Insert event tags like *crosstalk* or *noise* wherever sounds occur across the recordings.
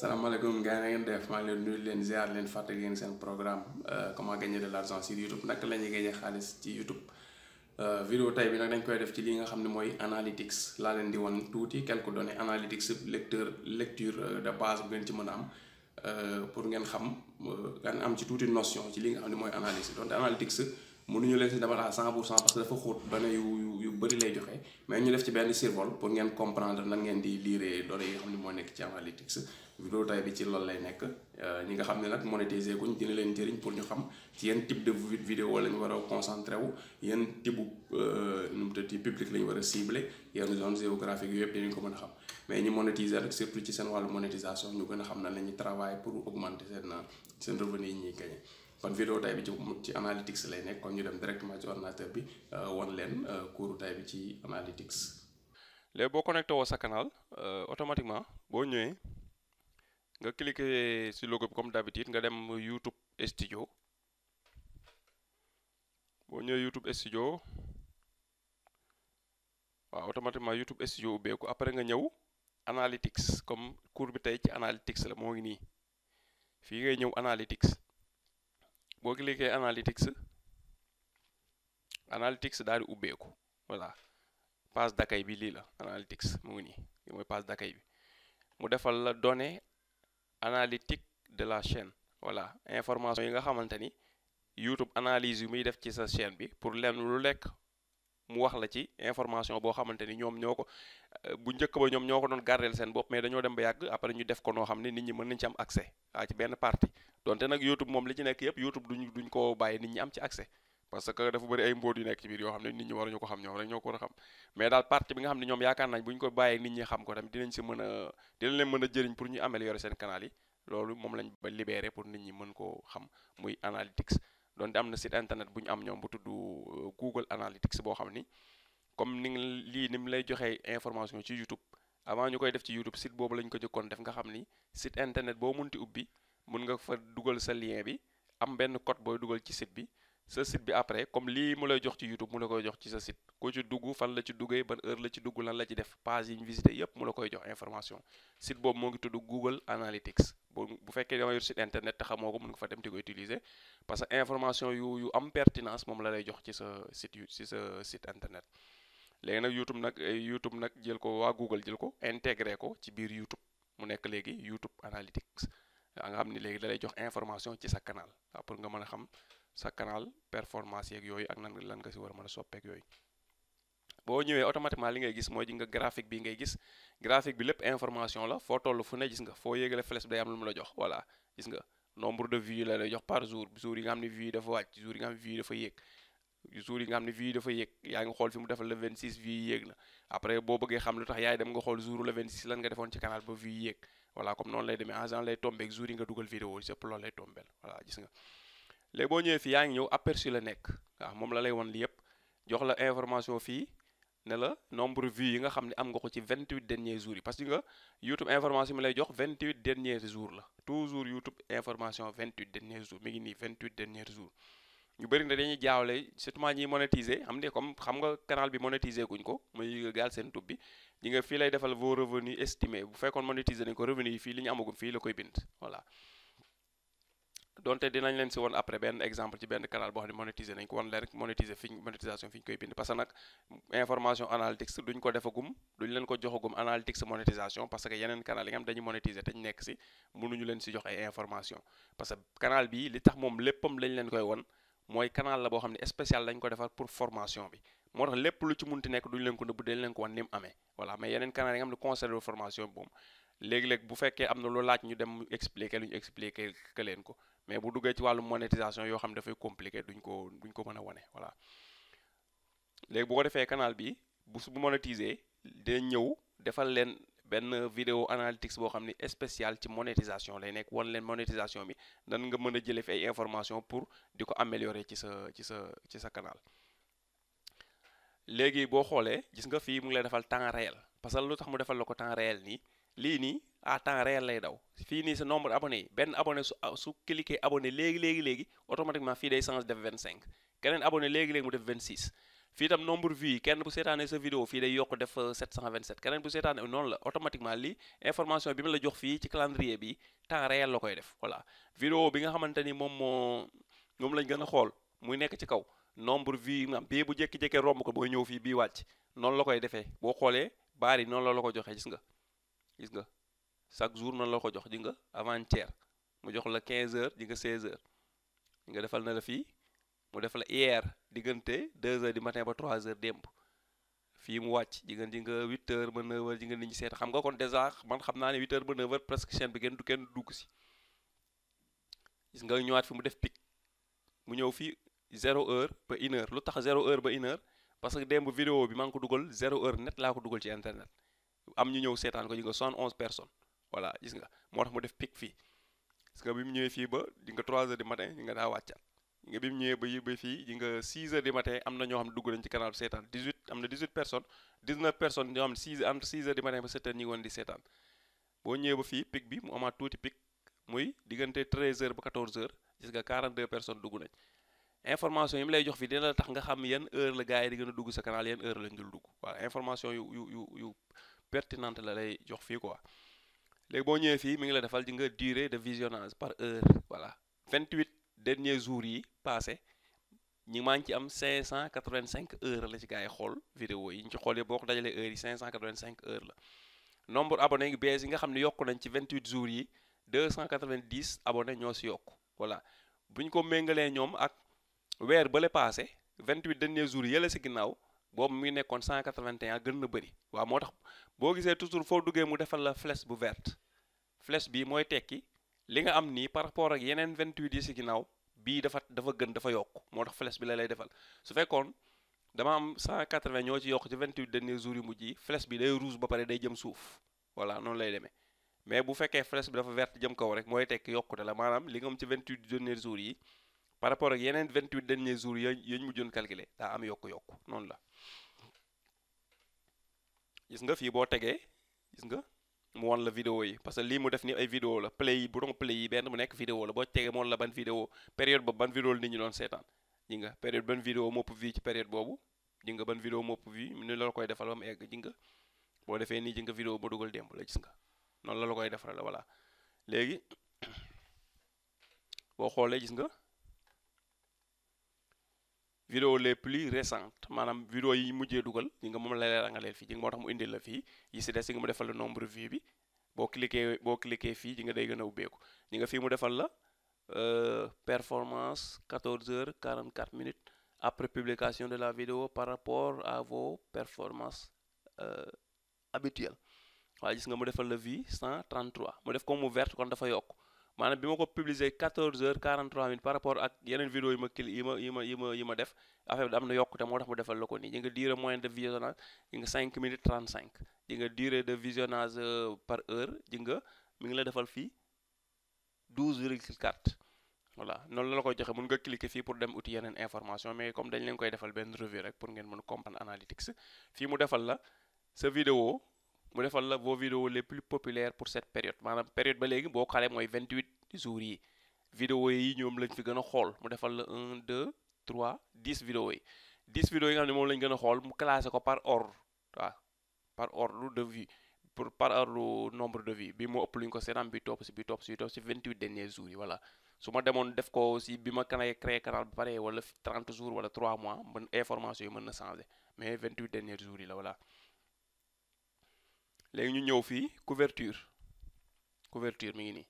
salaamaaleykum gars yi na ngeen def maa leen nuyu leen ziar leen fàtte ngeen seen programme euh, comment gagner de l'argent sur YouTube naka la ñuy gagner xaalis ci YouTube. Euh, vidéo tey bi nag dañ koy def ci li nga xam ne mooy analytics laa leen di won tuuti quelques données analytics lecteur lecture euh, de base bu ngeen ci mën a am pour ngeen xam ngeen am ci tuuti notion ci li nga xam ne mooy analyse donc analytics. mënuñu leen si demal à 100 pour 100 parce que dafa xóot données yu yu yu bëri lay joxe mais ñu def ci benn survol pour ngeen comprendre nan ngeen di lire données yi nga xam ne moo nekk ci analytics vidéo tay bi ci loolu lay nekk euh, ñi nga xam ne nag monétiser ñu dina leen jëriñ pour ñu xam ci yenn type de vidéo la ñu war a concentré wu yenn type euh, nu mu la ñu war a ciblé yenn zone géographique yooyu yëpp dinañ ko mën a xam mais ñu monétiser rek surtout ci seen wàllu monétisation ñu gën a xam nan la ñuy pour augmenter seen kon vidéo tay bi ci ci analytics lay nekk kon ñu dem directement ci ordinateur bi euh, won leen euh, cours tay bi ci analytics. léegi boo connecté woo sa canal euh, automatiquement boo ñëwee nga cliquer si logo bi comme d'habitude nga dem YouTube Studio boo ñëwee YouTube Studio waaw automatiquement YouTube Studio ubbeeku après nga ñëw analytics comme cours bi tey ci analytics la moo ngi nii fii ngay ñëw analytics. boo cliquer analytics analytics daal ubbeeku voilà page d'accueil bi lii la analytics mu ngi nii lii mooy page d'accueil bi mu defal la donné analytique de la chaine voilà information yi nga xamante ni YouTube analyse yi muy def ci sa chaîne bi pour lenn lu lekk mu wax la ci information boo xamante ni ñoom ñoo ko euh, bu njëkk ba ñoom ñoo ko doon gardeel seen bopp mais dañoo dem ba yàgg après ñu def ko noo xam ne nit ñi mën nañ ci am accès ah ci benn partie donte nag YouTube moom li ci nekk yëpp YouTube duñ duñ ko bàyyi nit ñi am ci accès parce que dafa bëri ay mbóot yu nekk ci xam ne nit ñi waruñu ko xam ñoom ñoo ko a xam mais daal partie ne ñoom yaakaar nañ bu ko bàyyee nit ñi xam ko tamit a dinañ leen mën a jëriñ pour ñu améliorer seen canal yi loolu moom lañ ba libéré pour nit ñi mën koo xam muy analytics donte am na site internet bu ñu am ñoom bu tudd euh, Google Analytics boo xam ni comme ni lii ni mu lay joxee information ci YouTube avant ñu koy def ci YouTube site boobu lañ ko jëkkoon def nga xam ni site internet boo munti ubbi mun nga fa dugal sa lien bi am benn code booy dugal ci site bi sa site bi après comme lii mu lay jox ci YouTube mu la koy jox ci sa site ku ci dugg fan la ci duggee ban heure la ci dugg lan la ci def page yi ñu visité yépp mu la koy jox information site boobu moo ngi tudd Google Analytics bu fekkee danga yor site internet te xamoo ko mën nga fa dem di ko utiliser parce que information yu yu am pertinence moom la lay jox ci sa site yu sa site internet léegi nag YouTube nag eh, YouTube nag jël ko waa Google jël ko intégré ko ci biir YouTube mu nekk léegi YouTube Analytics nga xam ni léegi dalay jox information ci sa canal pour nga mën a xam sa canal performance yeeg yooyu ak nan lan nga si war a mën a soppeek yooyu boo ñëwee automatiquement li ngay gis mooy ji nga graphique bi ngay gis graphique bi lépp information la foo toll fu ne gis nga foo yéegale flèche bi day am lu mu la jox voilà gis nga nombre de vues la lay jox par jour jour yi nga xam ne vues yi dafa wàcc jour yi nga xam ne vues yi dafa yéeg jour yi nga xam ne vues yi dafa yéeg yaa ngi xool fi mu defal le 26 vues yi yéeg na après boo bëggee xam lu tax yaay dem nga xool jour le 26 lan nga defoon ci canal ba vues yi yéeg voilà comme noonu lay nga dugal la nekk fii ne la nombre vie yi nga xam ne am nga ko ci vingt huit derniers jours yi parce que nga YouTube information mi lay jox vingt huit derniers jours la toujours YouTube information vingt huit derniers jours mi ngi nii vingt huit derniers jours ñu bëri na dañuy jaawale surtout ñiy monétiser xam ne comme xam nga canal bi monétiser guñ ko muy gaal seen tub bi ñi fii lay defal vos revenus estimés bu fekkoon monétiser nañ ko revenus yi fii li ñu amagum fii la koy bind voilà. donte dinañ leen si woon après benn exemple ci benn canal boo xam ne monétiser nañ ko wan leen rek monétiser fi monétisation fi ñu koy bind parce que leen parce que yeneen canal yi nga nekk si mënuñu leen jox ay information parce que canal bi li tax moom léppam lañ leen koy won mooy canal la boo xam ne spécial lañ ko defar pour formation bi moo tax lépp lu ci munti nekk duñ leen ko nëbb dañ leen ko wan ni mu amee voilà mais yeneen canal yi nga xam ne formation bi moom léegi-léeg bu fekkee am na lu laaj ñu dem expliquer lu ñu expliquer que leen ko mais bu duggee ci wàllu monétisation yoo xam dafay compliqué duñ ko duñ ko mën a wane voilà léegi bu ko defee kanaal bi bu su bu monétiser dina ñëw defal leen benn vidéo analytics boo xam ne spécial ci monétisation lay nekk wan leen monétisation bi nan nga mën a jëlee fi ay information pour di ko améliorer ci sa ci sa ci sa canal léegi boo xoolee gis nga fii mu ngi lay defal temps réel parce que lu tax mu defal la ko temps réel nii lii nii à temps réel lay daw fii nii sa nombre abonné yi benn abonné su ah, su cliquer abonné léegi léegi léegi automatiquement fii day change def cinq keneen abonné léegi léegi mu def 26 fii tam nombre vues yi kenn bu seetaanee sa vidéo fii day yokk def 727 euh, keneen bu seetaanee euh, noonu la automatiquement lii information bi ma la jox fii ci calendrier bi temps réel la koy def voilà vidéo bi nga xamante ni moom moo moom lañ gën a xool muy nekk ci kaw nombre vues bii bu jékki-jékkee romb ko booy ñëw fii bii wàcc noonu la koy defee boo xoolee baar noonu la la ko joxee gis nga gis nga chaque jour nan la ko jox di nga avant mu jox la 15 heures di nga 16 heures di nga defal na la fii mu def la hier diggante 2 heures du matin ba 3 heures demb fii mu wàcc di nga di nga 8 heures ba 9 heures di nga nit ñi seet xam nga kon déjà man xam naa ne 8 heures ba 9 heures presque chaîne bi kenn du kenn dugg si gis nga ñëwaat fi mu def pic mu ñëw fii 0 heure ba 1 heure lu tax 0 heure ba 1 parce que démb vidéo bi maa ngi ko dugal 0 heure net laa ko dugal ci internet. am ñu ñëw seetaan ko gis nga soixante onze personnes voilà gis nga moo tax mu def pic fii gis nga bi mu ñëwee fii ba di nga trois heures du matin di nga daa wàccaat di nga bi mu ñëwee nga na ñoo xam ne dugg nañ seetaan na dix huit personnes dix neuf personnes ñoo xam ne six entre six heures du matin ba sept heures ñu ngi woon di seetaan boo ñëwee ba fii pic bi mu amaat tuuti pic muy diggante treize heures ba quatorze heures gis nga quarante deux personnes dugg nañ information yi mu lay jox fii dina la tax nga xam yan heure la gars yi di gën a dugg sa canal yan heure lañ dul dugg voilà information pertinente la lay jox fii quoi léegi boo ñëwee fii mi ngi la defal di nga durée de visionnage par heure voilà 28 derniers jour yi passé ñi maa ngi ci am 585 heures la ci gars yi xool vidéo yi ñu ci xool yi boo ko dajalee heures yi 585 heures la nombre abonné yu bees yi nga xam ne yokk nañ ci vingt 28 jours yi 290 abonné ñoo si yokk voilà bu ñu ko méngalee ñoom ak weer bale passé 28 derniers jours yële si ginnaaw boobu muy nekkoon 181 gën na bëri waa moo tax boo gisee toujours foo duggee mu defal la flèche bu verte flèche bi mooy tekki li nga am nii par rapport ak yeneen 28 yi si ginnaaw bii dafa dafa gën dafa yokk moo tax flèche bi la lay defal su fekkoon dama am 180 ñoo ci yokk ci 28 derniers jours yu mujj yi flèche bi day rouge ba pare day jëm suuf voilà noonu lay demee mais bu fekkee flèche bi dafa verte jëm kaw rek mooy tekki yokkute la maanaam li nga am ci 28 derniers par rapport ak yeneen 28 derniers jours ya yañ mujjoon calculer daa am yokku-yokku noonu la gis nga fii boo tegee gis nga mu won la vidéo yi parce que lii mu def ni ay vidéo la play yi bouton play yi benn bu nekk vidéo la boo tegee moon la ban vidéo période ba ban vidéo la nit ñi doon seetaan ji nga période ban vidéo mopp vi ci période boobu ji nga ban vidéo mopp vi ni la koy defal ba mu egg ji nga boo defee nii ji nga vidéo ba dugal démb la gis nga noonu la la koy defal la voilà léegi gis nga vidéo le plus récentes maanaam vidéo yi mujjee dugal yi nga moom la lay rangaleel fii ji nga moo tax mu indil la fii yi si des yi nga mu defal la nombre vue bi boo cliqué boo fii ji nga day gën a ubbeeku ñi nga fii mu defal la euh, performance 14 heures 44 minutes après publication de la vidéo par rapport à vos performances euh, habituelles waaye gis nga mu defal la vie 133 mu def ko mu verte kon dafa yokk maanaam bi ma ko publier quatorze heures quarante trois minutes par rapport ak yeneen vidéo yi ma kili yi ma yi ma def affaire bi am na yokkute moo tax mu defal la ko nii di nga durée moyenne de visionnage di nga cinq minutes trente cinq di nga durée de visionnage euh, par heure di nga mi ngi la defal fii douze virgule quatre voilà noonu la ko koy joxe mën nga cliquer fii pour dem uti yeneen information mais comme dañ leen koy defal benn revue rek pour ngeen mën comprendre analytics fii mu defal la sa vidéo mu defal la vos vidéos les plus populaires pour cette période maanaam période ba léegi boo xale mooy 28 jours yi vidéo yi ñoom lañ fi gën a xool mu defal la un 2 3 10 vidéos yi 10 vidéos yi nga xam ne moom lañ gën a xool mu classé ko par or waaw par ordre de vue pour par ordre nombre de vues bi moo ëpp lu ñu ko seetaan bi topp si bi topp si bi topp si 28 derniers yi voilà su ma demoon def ko si bi ma kanay créé canal bi pare wala 30 jours wala information yi mën na changé mais 28 derniers jours yi la léegi ñu ñëw fii couverture couverture mi ngi nii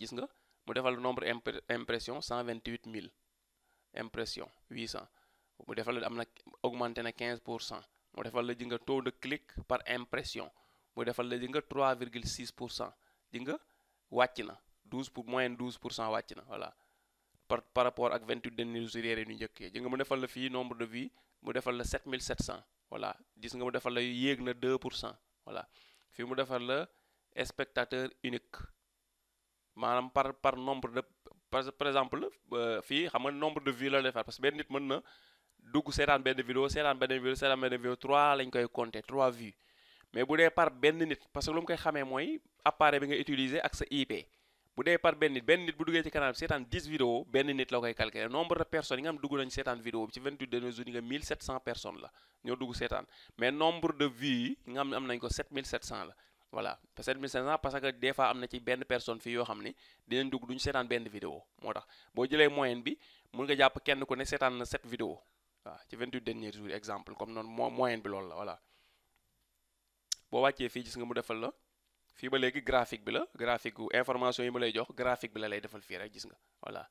gis nga mu defal nombre impression cent vingt huit mille impression huit cent mu defal la am na augmenté na quinze pour cent mu defal la ji nga taux de clic par defal la nga trois virgule six pour cent ji nga wàcc na douze pour moyenne douze pour cent wàcc na voilà par par rapport ak vingt huit derniers jours yi ñu njëkkee ji mu defal la fii nombre de vues mu defal la sept mille sept cent voilà gis nga mu defal la yéeg na deux pour cent voilà fi mu defar la spectateur unique maanaam par par nombre de par exemple euh, fii xam nga nombre de vues la defar parce que benn nit mën na dugg seetaan benn vidéo seetaan benn vidéo seetaan benn vidéo 3 lañ koy compter 3 vues mais bu dee par benn nit parce que lu mu koy xamee mooy appareil bi nga utiliser ak sa IP. bu dee par benn nit benn nit bu duggee ci canal bi seetaan 10 vidéo benn nit la koy calculer nombre de personnes yi nga xam dugg nañ seetaan vidéo bi ci 28 derniers jours yi nga 1700 personnes la ñoo dugg seetaan mais nombre de vues yi nga ne am nañ ko 7700 la voilà 7500 parce que des fois am na ci benn personne fii yoo xam ne dinañ dugg duñ seetaan benn vidéo moo tax boo jëlee moyenne bi mun nga jàpp kenn ku ne seetaan na 7 vidéo ci 28 derniers jours exemple comme la fii ba léegi graphique bi la graphique information yi ma lay jox graphique bi la lay defal fii rek gis nga voilà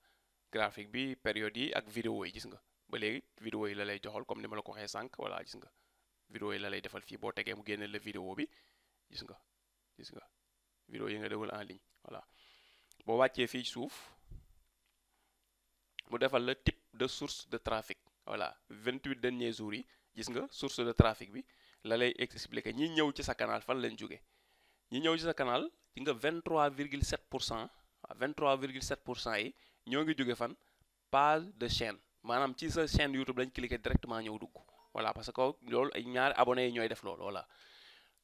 graphique bi période yi ak vidéo yi gis nga ba léegi vidéo yi la lay joxal comme ni ma ko waxee sànq voilà gis nga vidéo yi la lay defal fii boo tegee mu génne la vidéo bi gis nga gis nga vidéo yi nga déglu en ligne voilà boo wàccee fii suuf mu defal la type de source de trafic voilà 28 derniers jours yi gis nga source de trafic bi la lay expliquer ñi ñëw ci sa kanaal fan lañ jóge ñi ñëw ci sa canal ci nga 23 virgule 7 pour cent 23 virgule 7 pour cent yi ñoo ngi jóge fan page de chaine maanaam ci sa chaîne YouTube lañ cliquer directement ñëw dugg voilà parce que lool ay ñaari abonnés yi ñooy def loolu voilà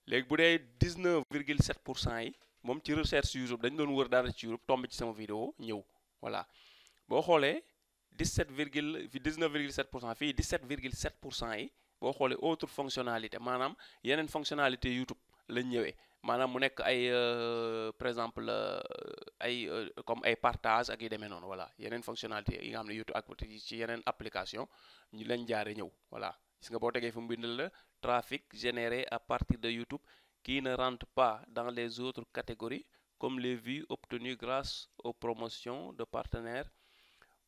léegi bu dee 19 virgule 7 pour cent yi moom ci recherche YouTube dañ doon wër dara ci YouTube tomb ci sama vidéo ñëw voilà boo xoolee 17 virgule 19 virgule 7 pour cent fii 17 virgule 7 pour cent yi boo xoolee autre fonctionnalité maanaam yeneen fonctionnalité YouTube lañ maanaam mu nekk ay euh, par exemple euh, ay euh, comme ay partage ak yu demee noonu voilà yeneen fonctionnalité yi nga xam ne YouTube ak ci yeneen application ñu lañ jaare ñëw voilà gis nga boo tegee fu mu bind la trafic généré à partir de YouTube qui ne rentre pas dans les autres catégories comme les vues obtenues grâce aux promotions de partenaires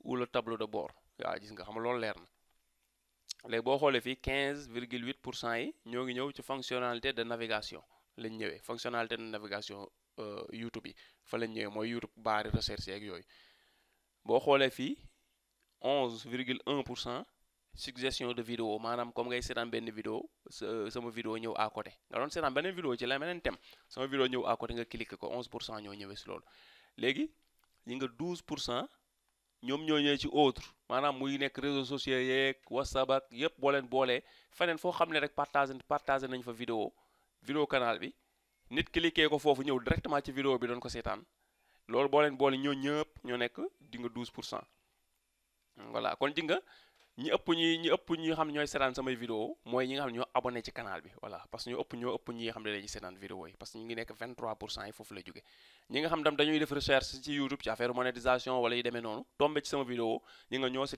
ou le tableau de bord waaw gis nga xam loolu leer na léegi boo xoolee fii 15 virgule 8 pour cent yi ñoo ngi ñëw ci fonctionnalité de navigation lañ ñëwee fonctionnalité de navigation euh, YouTube yi fa lañ ñëwee mooy YouTube baari recherche ak yooyu boo xoolee fii onze virgule un pour cent suggestion de vidéo maanaam comme ngay seetaan benn vidéo sama vidéo ñëw à côté nga doon seetaan beneen vidéo ci la beneen thème sama vidéo ñëw à côté nga cliquer ko onze pour cent ñoo ñëwee si loolu léegi li nga douze pour cent ñoom ñoo ñëwee ci autre maanaam muy nekk réseaux sociaux yeeg whatsapp ak yëpp boo leen boolee feneen foo xam ne rek partagé partagé nañ fa vidéo vidéo canal bi nit cliquer ko foofu ñëw directement ci vidéo bi doon ko seetaan loolu boo leen boole ñoo ñëpp ñoo nekk di nga pour cent voilà kon di ñi ëpp ñi ñi ëpp ñi xam ñooy ñoo abonné ci canal bi voilà parce que ëpp ñoo ëpp ñi xam ne dañuy seetaan vidéo yi parce que ngi nekk 23 pour cent yi foofu la jóge ñi nga xam tam dañuy def recherche ci YouTube ci affaire monétisation wala yu demee noonu tombé ci sama vidéo ñi nga ñoo si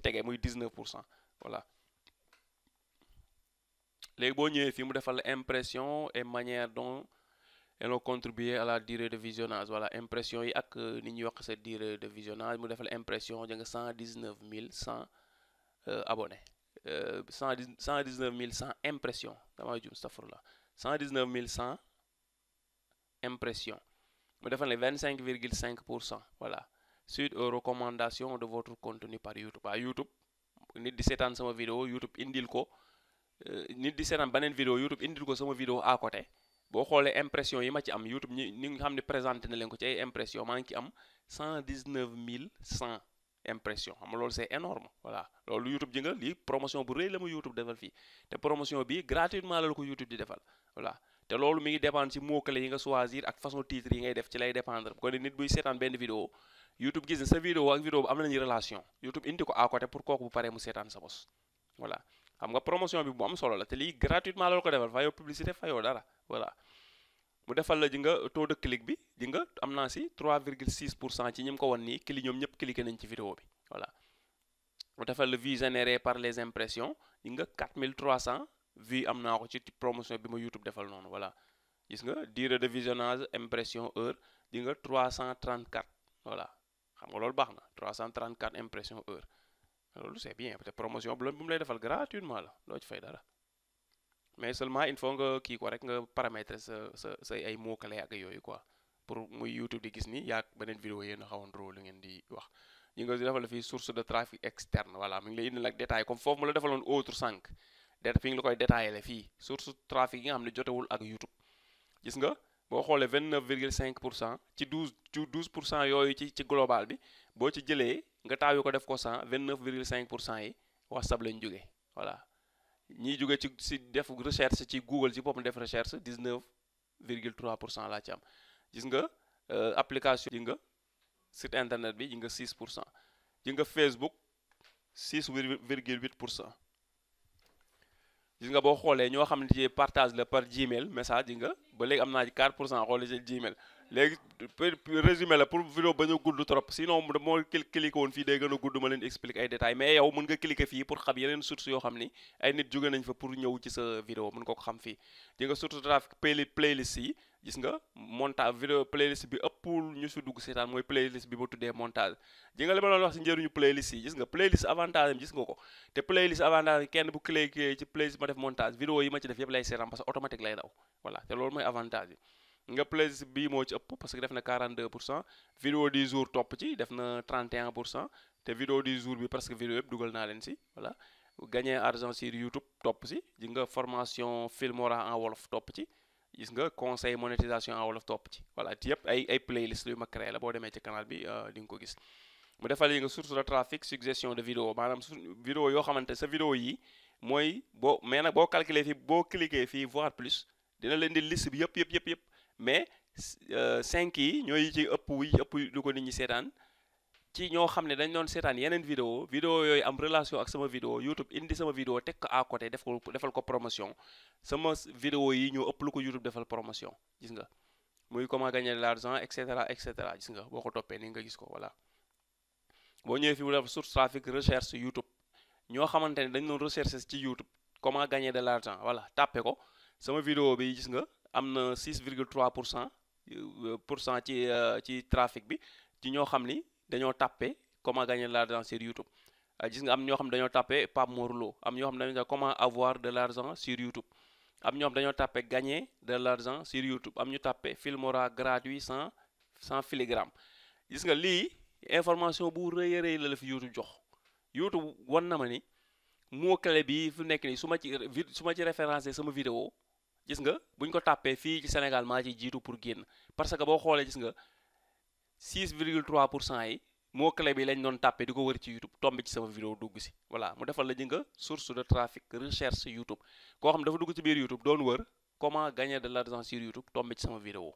léegi boo ñëwee fii mu defal la impression et manière dont elles ont contribué à la durée de visionnage voilà impression yi ak euh, ni ñu wax sa durée de visionnage mu defal impression ja nga euh, euh, cent dix neuf mille cent abonnés cent cent dix neuf mille cent impression damaa jum stafurla cent dix neuf mille cent impression mu defal la vingt cinq virgule cinq pour cent voilà suite aux recommandations de votre continue par YouTube waa YouTube nit di seetaan sama vidéo YouTube indil ko Euh, nit di seetaan beneen vidéo YouTube indil ko sama vidéo à côté boo xoolee impression yi ma ci am YouTube ñi ñi nga xam ne présenté na leen ko ci ay impression maa ngi ci am cent dix neuf mille cent impression xam loolu c'est énorme voilà loolu YouTube ji nga lii promotion bu rëy la ma YouTube defal fii te promotion bi gratuitement la la ko YouTube di defal voilà te loolu mi ngi dépendre ci mots clés yi nga choisir ak façon titre yi ngay def ci lay dépendre kon nit buy seetaan benn vidéo YouTube gis na sa nañu relation YouTube indi ko à côté pour kooku bu mu seetaan sa bos voilà xam nga promotion bi bu am solo la te lii gratuitement la ko defal fayoo publicité fayoo dara voilà mu defal la ji nga taux de clic bi ji nga am naa si trois 3,6 pour cent ci ñi ko wan nii clic ñoom ñëpp cliqué nañ ci vidéo bi voilà mu defal la vues générées par les impressions ji nga 4300 vues am naa ko ci promotion bi ma YouTube defal noonu voilà gis nga durée de visionnage impression heure ji nga 334 voilà xam nga loolu baax na 334 impression heure loolu c'est bien peut-être promotion bu mu lay defal gratuitement la loo ci fay dara mais seulement il faut nga kii ko rek nga parametre sa sa ay mots clés ak yooyu quoi pour muy YouTube di gis ni yaa beneen vidéo yéen a xawoon rôle lu ngeen di wax ñu nga defal la fii source de trafic externe voilà mi ngi lay indi nag détail comme foofu mu la defaloon autre sànq data fi ngi la koy détaillé fii source trafic yi nga xam ne jotewul ak YouTube gis nga boo xoolee vingt neuf virgule cinq pour cent ci douze ci douze pour cent yooyu ci ci global bi boo ci jëlee nga taayu ko def ko cent vingt neuf virgule cinq pour cent yi WhatsApp lañ jógee voilà ñiy jóge ci si def recherche ci Google ci boppam def recherche dix neuf virgule trois pour cent laa ci am gis nga euh, application ji nga site internet bi ji nga six pour cent ji nga Facebook six virgule huit pour cent gis nga boo xoolee ñoo xam ne ci partage la par Gmail message nga ba léegi am naa ci 4 pour cent xoolee ci Gmail léegi résumé la pour vidéo ba ñu gudd trop sinon moo cliqué woon fii day gën a gudd ma leen explique ay détails mais yow mën nga cliqué fii pour xam yeneen source yoo xam ni ay nit jóge nañ fa pour ñëw ci sa vidéo mën nga ko xam fii di nga source trafic playlist yi gis nga montage vidéo playlist bi ëppul ñu si dugg seetaan mooy playlist bi ba dee montage ji nga li ma doon wax si njëriñu playlist yi gis nga playlist avantage am gis nga ko te playlist kenn bu cliquer ci playlist ma def montage vidéo yi ma ci def yëpp lay seetaan parce que automatique lay daw voilà te loolu mooy avantage yi nga playlist bii moo ci ëpp parce que def na 42 pour cent vidéo du jour topp ci def na 31 pour cent te vidéo du jour bi presque vidéo yëpp dugal naa leen si voilà gagner argent sur YouTube topp si ji nga formation film en wolof topp ci gis nga conseil monétisation en wolof top ci voilà yëpp ay ay playlist yu ma créé la boo demee ci canal bi euh, di nga ko gis mu defal yi nga source de trafic suggestion de vidéo maanaam su vidéo yoo xamante sa vidéo yi mooy boo mais nag boo calculer fii boo cliquer fii voir plus dina leen di liste bi yëpp yëpp yëpp yëpp mais euh, cinq yi ñooy ci ëpp yi ëpp du ko nit ñi seetaan ci ñoo xam ne dañ doon seetaan yeneen video vidéo yooyu am relation ak sama vidéo YouTube indi sama vidéo teg ko à côté def ko defal ko promotion sama vidéo yi ñoo ëpp lu ko YouTube defal promotion gis nga muy comment gagner de l'argent et cetera et cetera gis nga boo ko toppee ni nga gis ko voilà boo ñëwee fi mu def source trafic recherche YouTube ñoo xamante ne dañ doon recherche ci YouTube comment gagner de l'argent voilà tàppe ko sama vidéo bi gis nga am na 6 virgule 3 pour cent euh, pour cent ci euh, ci trafic bi ci ñoo xam ni dañoo tàppe comment gagner de l'argent sur YouTube ah, gis nga am ñoo xam dañoo tàppe Pape Mor Lo am ñoo xam dañoo comment avoir de l'argent sur YouTube am ñoo xam dañoo tàppe gagner de l'argent sur am ñu tàppe Filmora gratuit sans sans filigrane gis nga lii information bu rëy a rëy la la fi YouTube jox YouTube wan na ma ni moo clé bi fu nekk nii su ma ci su ma ci référencé sama vidéo gis nga buñ ko tàppee fii ci Sénégal maa ci jiitu pour génn parce que boo xoolee gis nga six virgule trois pour cent yi moo clé bi lañ doon tàppe di ko wër ci YouTube tombé ci sama vidéo dugg si voilà mu defal la ji nga source de trafic recherche YouTube koo xam dafa dugg ci biir YouTube doon wër comment gagner de l'argent sur YouTube tombé ci sama vidéo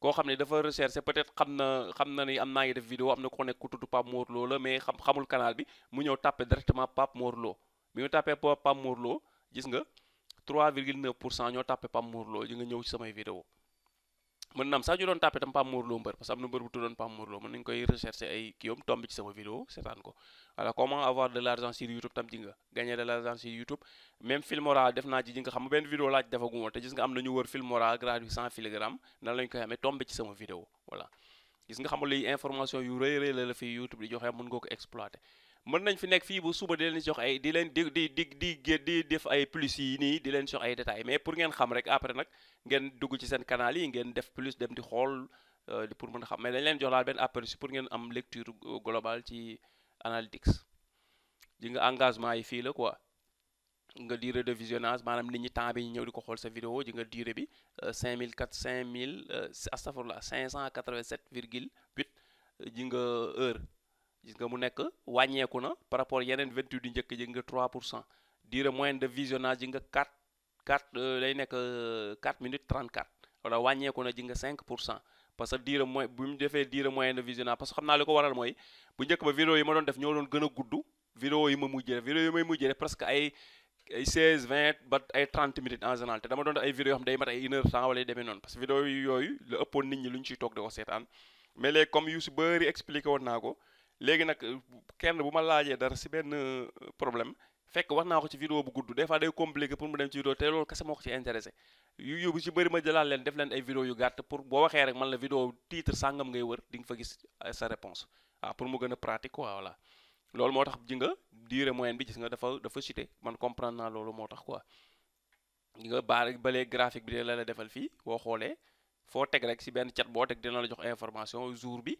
koo xam ne dafa recherché peut-être xam na xam na ni am naa ngi def vidéo am na ko nekk ku tudd Pape Mor Lo la mais xam xamul canal bi mu ñëw tàppe directement Pape Mor Lo bi mu tàppee Lo gis nga 3,9 pour cent ñoo tàppe Pape Mor Lo ji nga ñëw ci samay vidéo mën na am sax ñu doon tàppe tam Pape Mor Lo mbër parce que am na mbër bu tuddoon Pape Mor Lo mën nañu koy rechercher ay kiyom tombe ci sama vidéo seetaan ko voilà comment avoir de l'argent sur YouTube tam ji nga xam benn vidéo laaj defaguma te gis nga xamul li information yu rëy rëy la fi YouTube di joxe mën nga ko exploiter mën nañ fi nekk fii bu suba di leen jox ay di leen di di di di def ay plus yi nii di leen jox ay détails mais pour ngeen dugg ci seen canal yi ngeen def plus dem di xool euh, pour mën a xam mais dañ leen jox daal benn aperçu pour ngeen am lecture globale ci analytics ji nga engagement yi fii la quoi nga durée de visionnage maanaam li ñi temps bi ñëw di ko xool sa vidéo ji nga durée bi 54 euh, 5000 euh, astafurlah 587 virgule 8 ji nga heure gis nga mu nekk wàññeeku na par rapport yeneen 28 di njëkk ji nga trois pour cent durée moyenne de visionnage ji nga 4 quatre euh, day nekk euh, quatre minutes trente quatre wala wàññeeku na ji nga cinq pour cent parce que diire mooy bu mu defee diire moyen de visionnage parce que xam naa li ko waral mooy bu njëkk ba vidéo yi ma doon def ñoo doon gën a gudd vidéo yi ma mujj def presque ay seize vingt ba ay trente minutes en général te dama doon def ay vidéo yoo xam day mat ay une heure temps wala demee yooyu la ëppoon nit ñi lu ñu ciy toog di ko seetaan mais léegi comme yu si bëri woon naa ko léegi nag kenn bu ma laajee dara si benn euh, problème fekk wax naa ko ci vidéo bu gudd des fois day compliqué pour mu dem ci vidéo te loolu kese moo ci intéressé yu yóbbu ci bëri ma jëlaat leen def leen ay vidéo yu gàtt pour boo waxee rek man la vidéo titre sàngam ngay wër di nga fa gis euh, sa réponse waaw ah, pour mu gën a pratique quoi voilà loolu moo tax ji nga durée moyenne bi gis nga dafa dafa chuté man comprendre naa loolu moo tax ko di nga baar balee graphique bi de la la defal fii boo xoolee foo teg rek si benn chat boo teg dina la jox information jour bi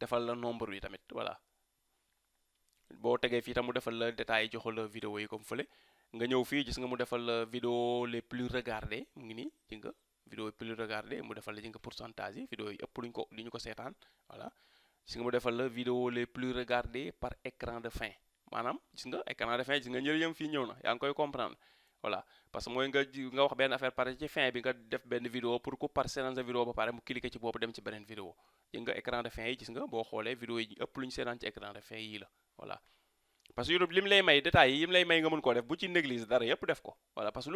defal la nombre bi tamit voilà boo tegee fii tam mu defal la détails yi joxal la vidéo yi comme fële nga ñëw fii gis nga mu defal la vidéo les plus regardées mu ngi nii ji nga vidéo les plus regardées mu defal la ji nga pourcentage yi vidéo yi ëpp luñ ko lu ñu ko seetaan voilà gis nga mu defal la vidéo les plus regardées par écran de fin maanaam gis nga écran de fin gis nga njëriñam fii ñëw na yaa ngi koy comprendre voilà parce que mooy nga nga wax benn affaire pare ci fin bi nga def benn vidéo pour ku par séance de vidéo ba pare mu cliquer ci boobu dem ci beneen vidéo yi écran de fin yi la voilà parce que YouTube lu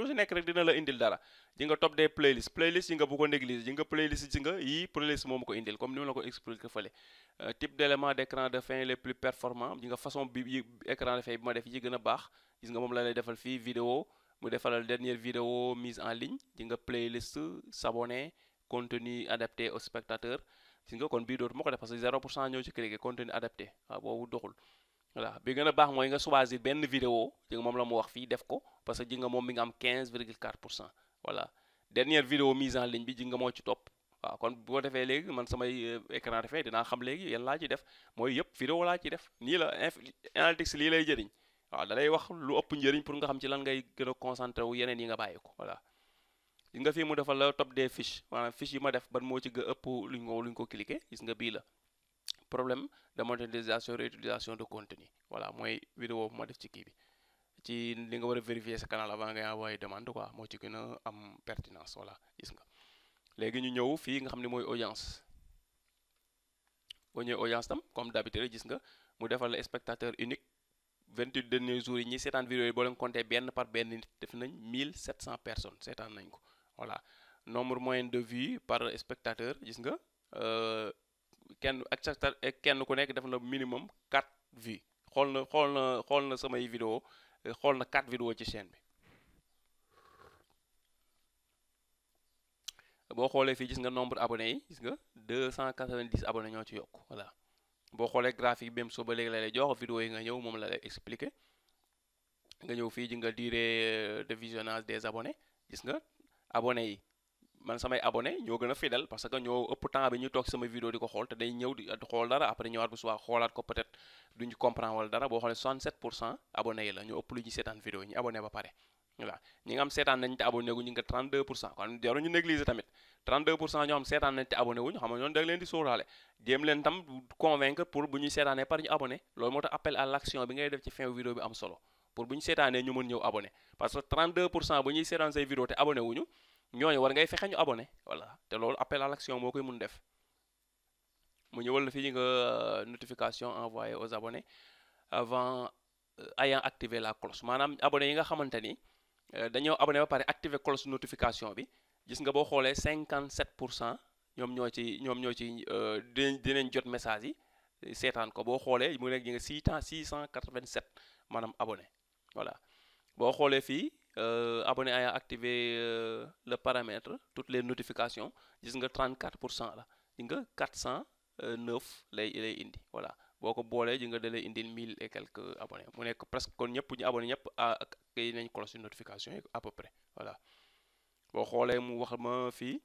si nekk rek dina la indil dara di top des playlist playlist yi nga bu ko néglige yi yi playlist moom ko indil comme ni ma la ko expliqué fële euh, type d'élément de fin les plus performants yi façon bi écran de fin bi ma def yi gën a baax gis nga moom la mu defalal dernière vidéo mise en ligne di nga playlist s'abonner contenu adapté au spectateur si nga kon bii dootu ma ko def parce que zéro pour cent ñëw ci créé contenu adapté waaw boobu doxul voilà bi gën a baax mooy nga choisir benn vidéo ji moom la mu wax fii def ko parce que ji nga moom mi nga am 15 virgule 4 pour cent voilà dernière vidéo mise en ligne bi ji nga moo ci topp waaw kon boo defee léegi man samay euh, écran defee dinaa xam léegi yan laa ci def mooy yëpp vidéo laa ci def nii la analytics lii lay jëriñ waaw da wax lu ëpp njëriñ pour nga xam ci lan ngay gën a wu yeneen yi nga bàyyi ko voilà li nga fii mu defal la top des fiches maanaam fiche yi ma def ban moo ci gën ëpp luñ ko ko cliqué gis nga bii la problème de monétisation réutilisation de contenu voilà mooy vidéo bu def ci kii bi ci li nga war a vérifier sa canal avant ngay envoyer demande quoi moo gën a am pertinence voilà gis nga léegi ñu ñëw fii nga xam ne mooy audience boo ñëwee audience tam comme d'habitude gis nga mu defal la spectateur unique vingt huit derniers jours yi ñi seetaan vidéo yi boo leen compté benn par benn nit def nañ mille sept cent personnes seetaan nañ ko voilà nombre moyen de vie par spectateur gis nga euh, kenn ak ak kenn ku nekk def na minimum quatre vie xool na xool na xool na samay vidéo xool na quatre vidéo ci chaîne bi boo xoolee fii gis nga nombre abonné yi gis nga deux cent quatre-vingt-dix abonné ñoo ci yokk voilà boo xoolee graphique bi même soo ba léegi la lay jox vidéo yi nga ñëw moom la lay nga ñëw fii ji nga durée euh, de visionnage des abonnés gis nga abonnés yi man samay abonnés ñoo gën a fidèle parce que ñoo ëpp temps bi ñu toog sama vidéo di ko xool te day ñëw xool dara après ñëwaat bu subaa xoolaat ko peut-être duñu comprendre wala dara boo xoolee 67 pour cent abonnés yi la ñoo ëpp lu ñu seetaan vidéo yi ñu abonné ba pare voilà ñi nga am seetaan nañ te abonné gu 32 pour cent ñoo xam seetaan nañ te abonné wuñu xam nga ñoon da leen di sóoraale jéem leen tam convaincre pour bu ñuy seetaanee par ñu abonné loolu moo tax appel à l'action bi ngay def ci fin vidéo bi am solo pour bu ñu seetaanee ñu mën ñëw abonné parce que 32 pour cent bu ñuy seetaan say vidéo te abonné wuñu ñooñu war ngay fexe ñu abonné voilà te loolu appel à l'action moo koy mun def mu ñëwal la fii nga euh, notification envoyée aux a avant euh, ayant activé la maanaam abonné yi nga xamante ni euh, dañoo abonné ba pare activé notification bi gis nga boo xoolee 57 pour cent ñoom ñoo ci ñoom ñoo ci euh, dinañ dinañ jot message yi seetaan ko boo xoolee mu nekk ñu nga 6 687 maanaam abonné voilà boo xoolee fii euh, abonné ay activer euh, le paramètre toutes les notifications gis nga 34 pour cent la gis nga 409 lay lay indi wala boo ko boolee ji nga dalay indil 1000 et quelques abonnés mu nekk presque kon ñëpp ñu abonné ñëpp ah kii nañ cloche notification yi à peu près voilà. boo xoolee mu wax ma fii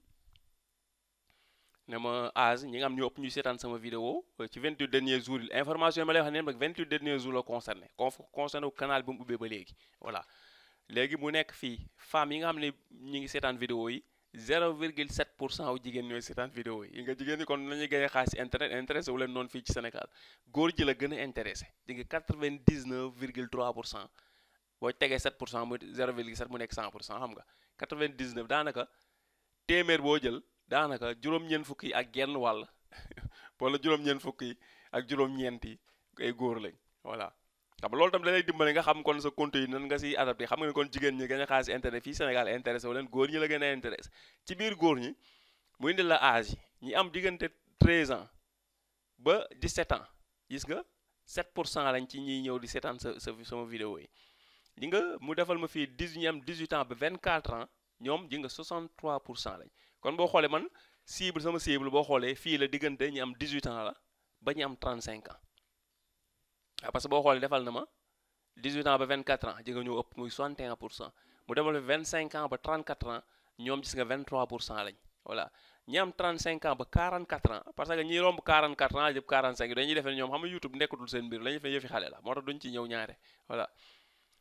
ne ma âge ñi nga am ñu ëpp ñuy seetaan sama vidéo euh, ci 28 derniers jours yi information yi ma lay wax ne nag 28 derniers jours la concerné con concerné wu canal bi mu ubbee ba léegi voilà léegi mu nekk fii femmes yi nga xam ne ñi ngi seetaan vidéo yi 0,7 pour cent wu jigéen ñooy seetaan vidéo yi nga jigéen ñi kon nañuy gagné xaalis si internet intéressé wu leen noonu fii ci Sénégal góor ji la gën a intéressé di nga 99,3 pour cent boo tegee 7 pour cent mu 0,7 mu nekk 100 pour cent xam nga 99 daanaka téeméer boo jël daanaka juróom-ñeent fukk ak genn wàll *laughs* wala juróom-ñeent fukki ak juróom ñeenti yi ay góor lañ voilà. xam loolu tam da lay dimbali nga xam kon sa compte yi nan nga si adapté xam nga ne kon jigéen ñi gën a xaalis intérêt fii Sénégal intéressé wu leen góor ñi la gën a intéressé ci biir góor ñi mu indi la âge yi ñi am diggante 13 ans ba 17 ans gis nga set pour cent lañ ci ñiy ñëw di seetaan sa sa sama vidéo yi. ji nga mu defal ma fii dix ñu am dix-huit ans ba vingt-quatre ans ñoom ji nga 63 pour cent lañ kon boo xoolee man cible sama cible boo xoolee fii la diggante ñi am 18 ans la ba ñu am 35 ans waaw ah, boo xoolee defal na ma ba 24 ans ji nga ñëw ëpp muy 61 pour cent mu demal 25 ans ba 34 ans ñoom gis nga 23 pour cent lañ voilà ñi am 35 ans ba 44 ans parce que ñi romb 44 ans jëm dañuy defe ñoom xam YouTube nekkatul seen mbir la ñuy yëfi xale la moo tax duñ ci ñëw ñaare voilà.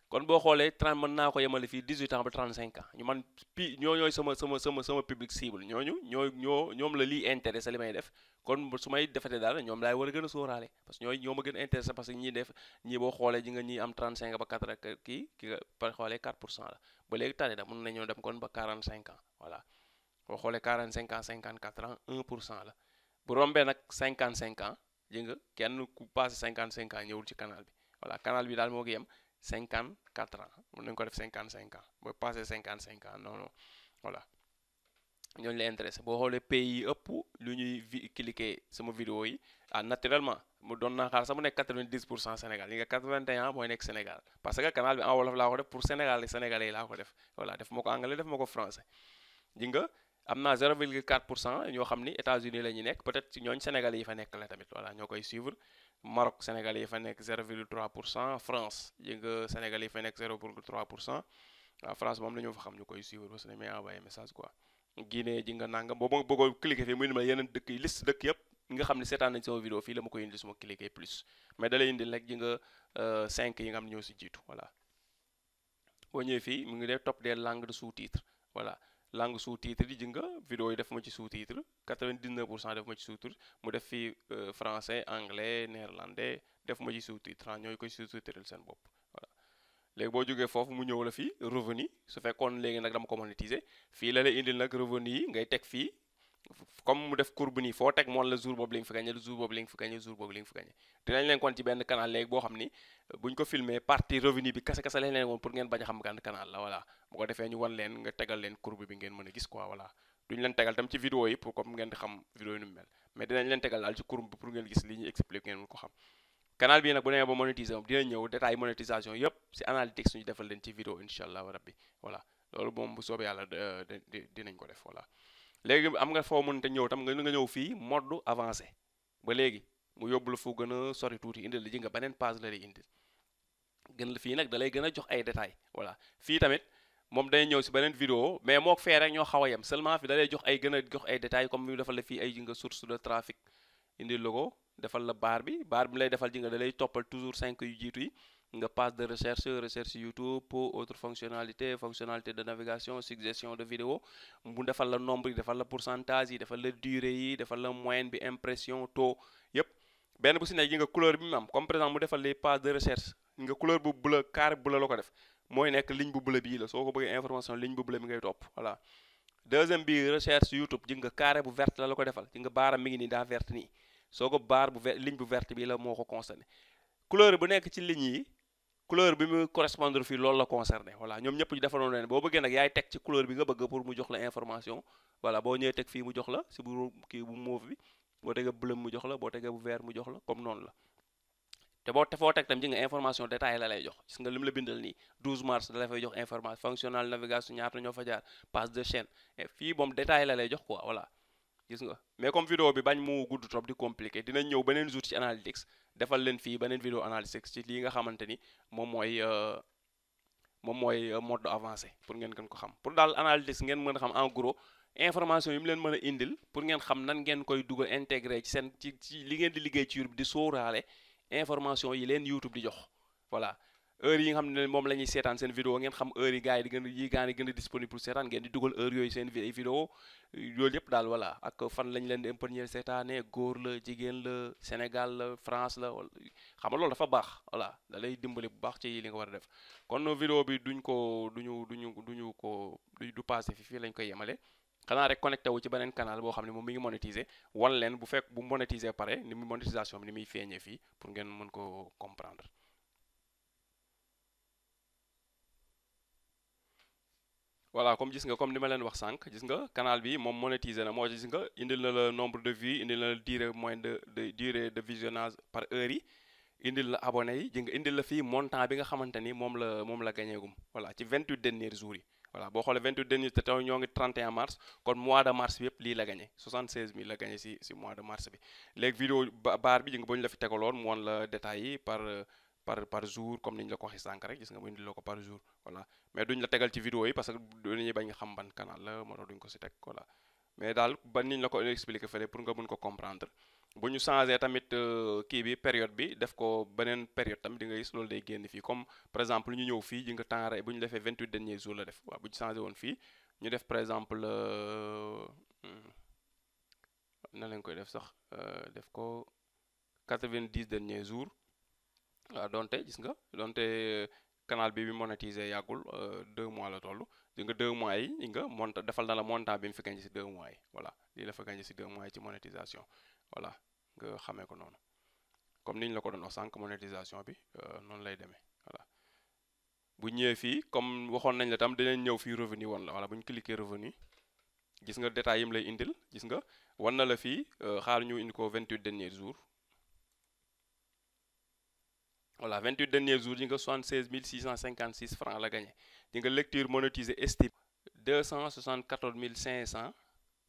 kon boo xoolee 30 mën naa ko yemale fii 18 ans ba 35 ans ñu man pi ñoo ñooy sama sama sama sama public cible ñooñu ñoo ñoo ñoom la lii intéressé li may def kon su may defee daal ñoom laay war a gën a sóoraale parce que ñooy ñoo ma gën a intéressé parce que ñiy def ñii boo xoolee ji nga ñii am 35 ba 4 ak kii ki nga par xoolee 4 pour la ba léegi tane da mën nañoo dem kon ba 45 ans voilà boo xoolee 45 ans 54 ans 1 pour cent la bu rombee nag 55 ans ji nga kenn ku passé 55 ans ñëwul ci canal bi voilà canal bi daal moo ngi cinquante quatre ans mën nañu ko def cinquante cinq ans booy passé cinquante cinq ans non non voilà la intéressé boo xoolee pays yi ëpp lu ñuy vi cliquer sama vidéo yi ah naturellement mu doon naa xaar sama nekk quatre vingt dix pour cent Sénégal li nga quatre vingt ko def yi laa ko def voilà def ma ko anglais def ma ko français ji nga am naa 0,4 pour cent ñoo xam ni États-Unis la ñu nekk peut-être ñooñ Sénégalais yi fa nekk la tamit voilà ñoo koy suivre Maroc sénégalais yi fa nekk 0,3 pour cent France yënga sénégalais yi fa nekk 0,3 pour cent waaw France moom la ñu fa xam ñu koy suivre parce que dañu may envoyé message quoi. Guinée ji nga nangam boo ma bëggoon cliquer fii muy ni ma yeneen dëkk yi liste dëkk yëpp nga xam ne seetaan nañ sama vidéo fii la ma koy indi su cliquer plus mais da indi rek ji nga euh, cinq yi nga am ne ñoo si jiitu voilà. boo ñëwee fii mu ngi def top des langues de sous voilà. langue sous-titre yi ji nga vidéo yi def ma ci sous-titre 99 pour cent def ma ci sous-titre mu def fii euh, français anglais néerlandais def ma ci sous-titre ah, ñooy koy sous-titrel seen bopp léegi boo jógee foofu mu ñëw la fii revenu su fekkoon léegi nag dama ko monétiser fii la lay indil nag revenu yi ngay teg fii comme mu def courbe nii foo teg moon la jour boobu li nga fa gagné jour boobu li nga fa gagné jour boobu li nga fa gagné dinañ leen kon ci benn canal léegi boo xam ni buñ ko filmé partie revenu bi kase kase lañ leen woon pour ngeen bañ a xam gan canal la voilà bu ko defee ñu wan leen nga tegal leen courbe bi ngeen mën a gis quoi voilà duñ leen tegal tam ci vidéo yi pour comme ngeen di xam vidéo yi nu mu mel mais dinañ leen tegal daal ci courbe bi pour ngeen gis li ñuy expliqué ngeen mën ko xam canal bi nag bu demee ba monétiser moom dina ñëw détail monétisation yépp ci analytics suñu defal leen ci vidéo incha allah rabbi voilà loolu moom bu soobee yàlla euh, dinañ ko def voilà léegi am nga foo mënte ñëw tam nga ñëw fii mode avancé ba léegi mu yóbbu la foo gën a sori tuuti indil la ji nga beneen page la lay indi gën la fii nag dalay lay gën a jox ay détails voilà fii tamit moom day ñëw si beneen vidéo mais moo fee rek ñoo xaw a yem seulement fi da jox ay gën a jox ay détails comme mu defal la fii ay ji nga source de trafic indil la ko defal la baar bi baar bi lay defal ji nga da lay toppal toujours cinq yu jiitu yi nga passe de recherche recherche YouTube pour autre fonctionnalité fonctionnalité de navigation suggestion de vidéo mu defal la nombre yi defal la pourcentage yi defal la durée yi defal la moyenne bi impression taux yépp benn bu si nekk yi nga couleur bi mu am comme par exemple mu defal les passe de recherche nga couleur bu bleu carré bleu la ko def mooy nekk ligne bu bleu bii la soo ko bëggee information ligne bu bleu bi ngay topp voilà deuxième bi recherche YouTube ji nga carré bu verte la la ko defal ji nga baara mi ngi nii daa verte nii soo ko baar bu ligne bu la moo ko concerné nekk ci yi couleur bi mu correspondre fii loolu la concerné voilà ñoom ñëpp ñu defaroon leen boo bëggee nag yaay teg ci couleur bi nga bëgg pour mu jox la information voilà boo ñëwee teg fii mu jox la bu kii mu jox la boo tegee la comme noonu la te boo foo teg tam ji information détaillée la lay jox gis nga lim la bindal nii 12 mars da la fay jox information fonctionnal navigation ñaata ñoo fa jaar passe de chaîne fii moom détaillé la lay jox ko voilà gis nga mais comme vidéo bi bañ mu gudd trop di compliqué dinañ ñëw beneen jour ci analytics defal leen fii beneen vidéo analytics ci li nga xamante ni moom mooy euh, moom mooy euh, mode avancé pour ngeen gën ko xam pour daal analytics ngeen mën a xam en gros information yi mu leen mën a indil pour ngeen xam nan ngeen koy dugal intégré ci seen ci ci li ngeen di liggéey ci YouTube di sooraale information yi leen YouTube di jox voilà heure yi nga xam ne moom la ñuy seetaan seen vidéo ngeen xam heure yi gars yi di gën a yi gaan yi gën a disponible pour seetaan ngeen di dugal heure yooyu seen i vidéo loolu yëpp daal voilà ak fan lañ leen di imprégné seetaane góor la jigéen la Sénégal la France la wala xam nga loolu dafa baax voilà dalay lay dimbali bu baax ci li nga war a def kon vidéo bi duñ ko duñu duñu duñu ko du passé fi fii lañ ko yemale xanaa rek connecté wu ci beneen kanaal boo xam ne moom mi ngi monétiser wan leen bu bu monétiser pare ni muy monétisation ni muy feeñee pour ngeen mën ko comprendre voilà comme gis nga comme ni ma leen wax sànq gis nga canal bi moom monétisé na moo gis nga indil la nombre de vues indil la durée moyenne de de de visionnage par heure yi indil la abonné yi ji nga la fii montant bi nga xamante ni moom la moom la gañeegum voilà ci 28 derniers jours yi voilà boo xoolee 28 derniers te taw ñoo ngi 31 mars kon mois de mars bi yëpp lii la gagné 76000 la gagné si mois de mars bi par par jour comme ni ñu la ko waxee sànq rek gis nga mu indil la ko par jour voilà mais duñ la tegal ci vidéo yi parce que dañuy bañ nga xam ban canal la moo tax duñ ko si teg voilà mais daal ban niñ la ko expliqué fële pour nga mun ko comprendre bu ñu changé tamit euh, kii bi période bi def ko beneen période tamit di nga gis loolu day génn fii comme par exemple ñu ñëw fii di nga temps ñu defee 28 derniers jours la def waaw bu ñu changé par exemple euh, hmm, na lañ koy def sax euh, def ko 90 derniers jours waaw ah, donte gis nga donte canal bi bi monétisé yàggul euh, deux mois la toll di nga deux mois yi nga monta defal na la montant bi mu fi gañ ci deux mois yi voilà lii la fa gañ ci deux mois yi ci monétisation voilà nga xamee ko noonu comme ni ñu la ko doon wax sànq monétisation bi euh, noonu lay demee voilà bu ñëwee fii comme waxoon nañ la tam dinañ ñëw fii revenu woon la voilà bu ñu cliquer revenu gis nga détails yi lay indil gis nga war na la fii euh, xaar ñu indi ko 28 derniers jours voilà 28 derniers jours di nga 76 656 francs la gagné di nga lecture monétisée STP 274 cent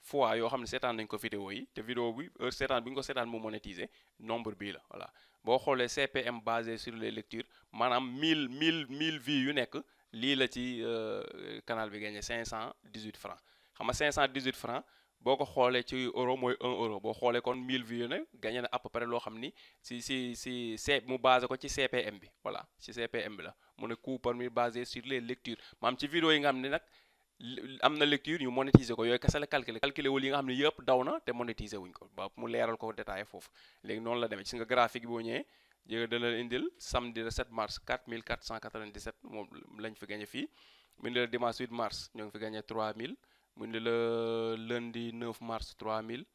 fois yoo xam ne seetaan nañ ko vidéo yi te vidéo bi heure seetaan bi nga ko seetaan mu monétisé nombre bii la voilà boo xoolee CPM basé sur les lectures maanaam mille mille mille vues yu nekk lii la ci euh, canal bi gagné 518 francs xam nga 518 francs boo ko xoolee ci euro mooy 1 euro boo xoolee kon 1000 viewers gagné na à peu près loo xam ni si si si C mu basé ko ci CPM bi voilà ci CPM bi la mu ne coût par mille basé sur les lectures maam ci vidéo yi nga xam ne nag am na lecture ñu monétiser ko yooyu kese la calculer calculer wul yi nga xam ne yëpp daw na te monétiser wuñ ko ba mu leeral ko détaillé foofu léegi noonu la demee gis nga graphique boo ñëwee jëga da la indil samedi le 7 mars 4497 moom lañ fi gagné fii mu indi la dimanche mars ñoo ngi fi gagné 3000 mu indi la lundi 9 mars mille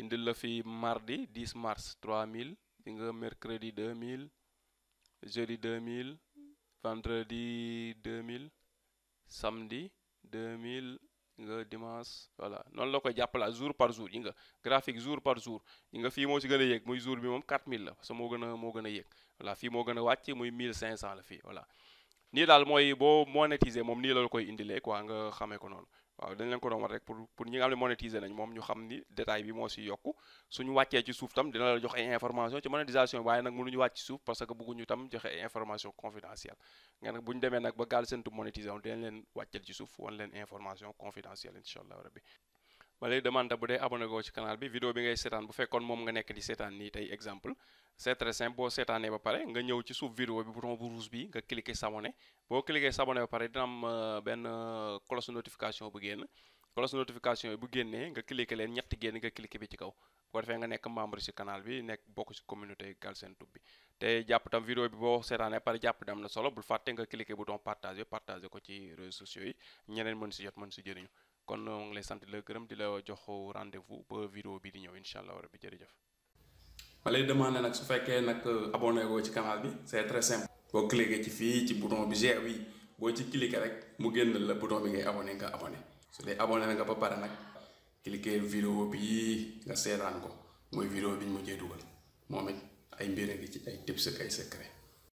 indi la fi mardi 10 mars mille fi nga mercredi mille jeudi 2000 vendredi mille samedi 2000 nga dimanche voilà noonu la koy jàppalaa jour par jour yi nga graphique jour par jour yi nga fii moo ci gën a yéeg muy jour bi moom 4000 la parce que moo gën a moo gën a yéeg voilà fii moo gën a wàcc muy 1500 la fii voilà nii daal mooy boo monétiser moom nii la koy indilee quoi nga xamee ko noonu waaw dañ leen ko doon war rek pour pour ñi nga xam ne monétiser nañ moom ñu xam ni détail bi moo si yokku suñu wàccee ci suuf tam dina la jox ay information ci monétisation waaye nag mënuñu wàcc ci suuf parce que bëgguñu tam joxe ay information confidentielle nga nag bu ñu demee nag ba gaal seentu monétiser woon dinañ leen wàcceel ci suuf wan leen information confidentielle incha allah rabbi ba lay bu dee abonné goo ci canal bi vidéo bi ngay seetaan bu fekkoon moom nga nekk di seetaan nii tey exemple c'est simple boo seetaanee ba pare nga ñëw ci suuf vidéo bi bouton bu rouge bi nga cliquer s'abonner boo cliquer s'abonner ba pare dina am euh, benn euh, cloche notification bu génn cloche notification bu génnee nga cliquer leen ñetti génn nga cliquer bi ci kaw bu ko defee nga nekk membre ci canal bi nekk bokk ci communauté Galsen Tube bi te jàpp tam vidéo bi boo seetaanee pare jàpp tam na solo bul fàtte nga cliquer bouton partager partager ko ci réseaux ñeneen mën si jot mën si jëriñu kon mu ngi lay sant di la gërëm di la jox rendez-vous ba vidéo bi di ñëw incha allah rabbi jërëjëf. ma lay demandé nag su fekkee nag euh, abonné koo ci canal bi c'est très simple. boo cliqué ci fii ci bouton bi gère wi boo ci cliqué rek mu génn la bouton bi ngay abonné nga abonné su dee abonné na nga ba pare nag cliqué vidéo bi nga seetaan ko mooy vidéo bi ñu mujjee dugal moom it ay mbir a ngi ci ay tips ak ay secret.